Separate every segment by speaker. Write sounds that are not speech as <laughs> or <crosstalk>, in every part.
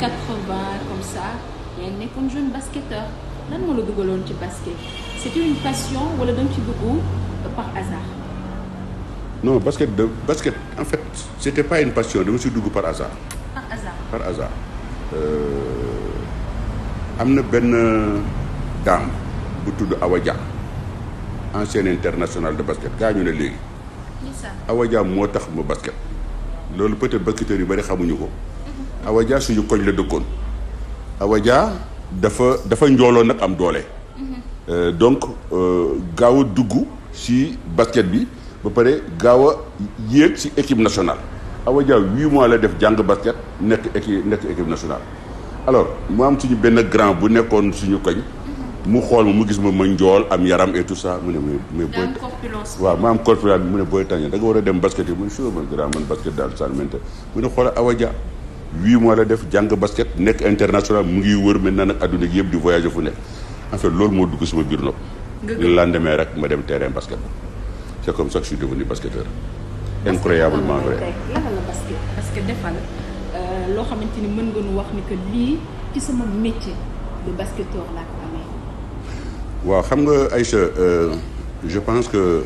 Speaker 1: 80 comme ça mais nekkoon jeune ci basket c'était une passion wala da nga ci dugg euh, par hasard. non basket en fait c'était pas une passion dama si dugg par hasard. par hasard euh, am na benn dame bu tudd Awa Dia ancienne internationale de basket gaañu ne léegi. Awa moo tax ma basket. loolu peut-être basketteurs yu bari xamuñu ko. Awa Dia suñu koñ la dëkkoon Awa Dia dafa dafa njooloon nag am doole. Mm-hmm. Euh, donc euh, gaaw a dugg si basket bi ba pare gaaw a yéeg ci équipe nationale. Awa Dia huit mois la def jàng basket nekk équipe nekk équipe nationale. aloor mu am suñu benn grand bu nekkoon suñu koñ. Mm-hmm. mu xool ma mu gis ma ma njool am yaram et tout ça mu ne ma ma booy. waaw ma am corpulence mu ne booy tànn da nga war a dem basket yi mu ne sure man grand man basket daal sànni mu ne xoolal Awa huit mois la def jàng basket nekk international mu ngi wër maintenant nag adduna gi yëpp di voyager fu nekk en fait loolu moo dugg sama biir nopp le lendemain rek ma dem terrain basket c' est comme ça que je suis devenu basket defal euh, waaw xam nga Aïcha euh, je pense que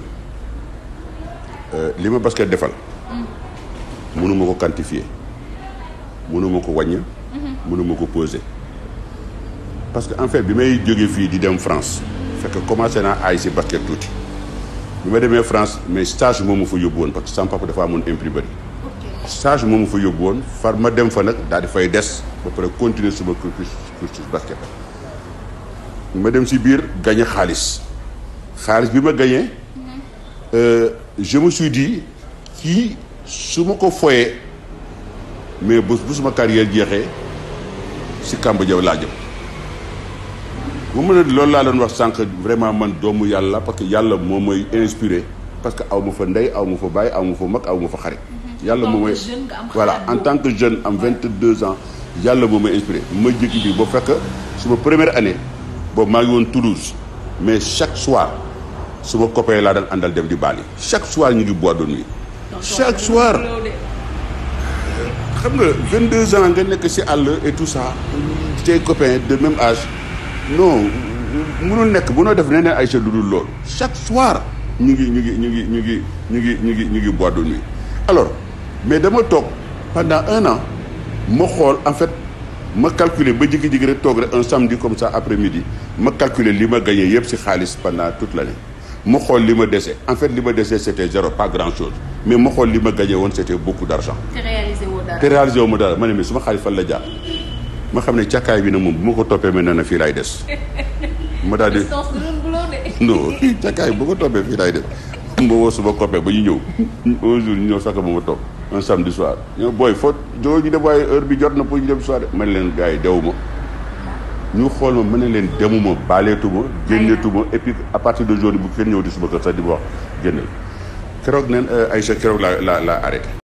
Speaker 1: euh, li ma basket defal mm. mënuma ko quantifier mënuma ko wàññ mënuma ko poser parce que en fait bi may jógee fii di dem France fekk commencé naa aay si basket tuuti bi ma demee France mais stage moom ma fa yóbbu woon parce que sama papa dafa amoon imprimerie stage moom ma fa yóbbu woon far ma dem fa nag daal di fay des ba pare continuer suma cursus cursus basket ma dem si biir gañe xaalis xaalis bi ma gañee mhm. euh, je me kii su ma ko fooyee mais bu bu suma carrière jeexee si kàmb jaw laa jëm mu mën a loolu laa doon wax sànq vraiment man doomu yàlla parce que yàlla moo mooy inspiré parce que aw ma fa ndey aw ma fa bàyyi aw ma fa mag aw ma fa xare mhm. yàlla moo mooy voilà en tant que jeune am vingt deux ans yàlla moo may inspiré ma jékki bi ba fekk suma première année boobu maa ngi woon Toulouse mais chaque soir suma copain laa daan àndal dem di Bali chaque soir ñu ngi boîte de nuit chaque xam nga 22 ans nga nekk ci àll et tout ça tes copains de même age non mënul nekk mënoo def neneen ay lu dul loolu chaque soir ñu ngi ñu ngi ñu ngi ñu ngi ñu ngi ñu ngi ñu ngi boîte de nuit alors mais dama toog pendant un an ma xool en fait ma calculer ba jékki-jékki rek toog rek un samedi comme ça après midi ma calculer li ma gagné yëpp ci xaalis pendant toute l'année ma xool li ma dese en fait li ma dese c'était zéro pas grand chose mais ma xool li ma gagné woon c'était beaucoup d'argent te réalisé wu ma dara mais suma xaalis fan la jaar ma xam ne càkkaay bi na moom bu ma ko toppee mel na ne fii laay des <laughs> ma daal di <laughs> non càkkaay bu ko toppee fii laay des ma woo suma copain ba ñu ñëw un jour ñu ñëw saka ba ma toog un samedi soir ñoo booy foo jóge ñu dem waaye heure bi jot na pour ñu dem soirée ma ne leen gars yi dewu ma ñu xool ma ma ne leen demuma baaleetuma génneetuma et puis à partir de jour bu kenn ñëw di suma kër sax di ma wax génneel keroog neen euh, Aïcha keroog laa la laa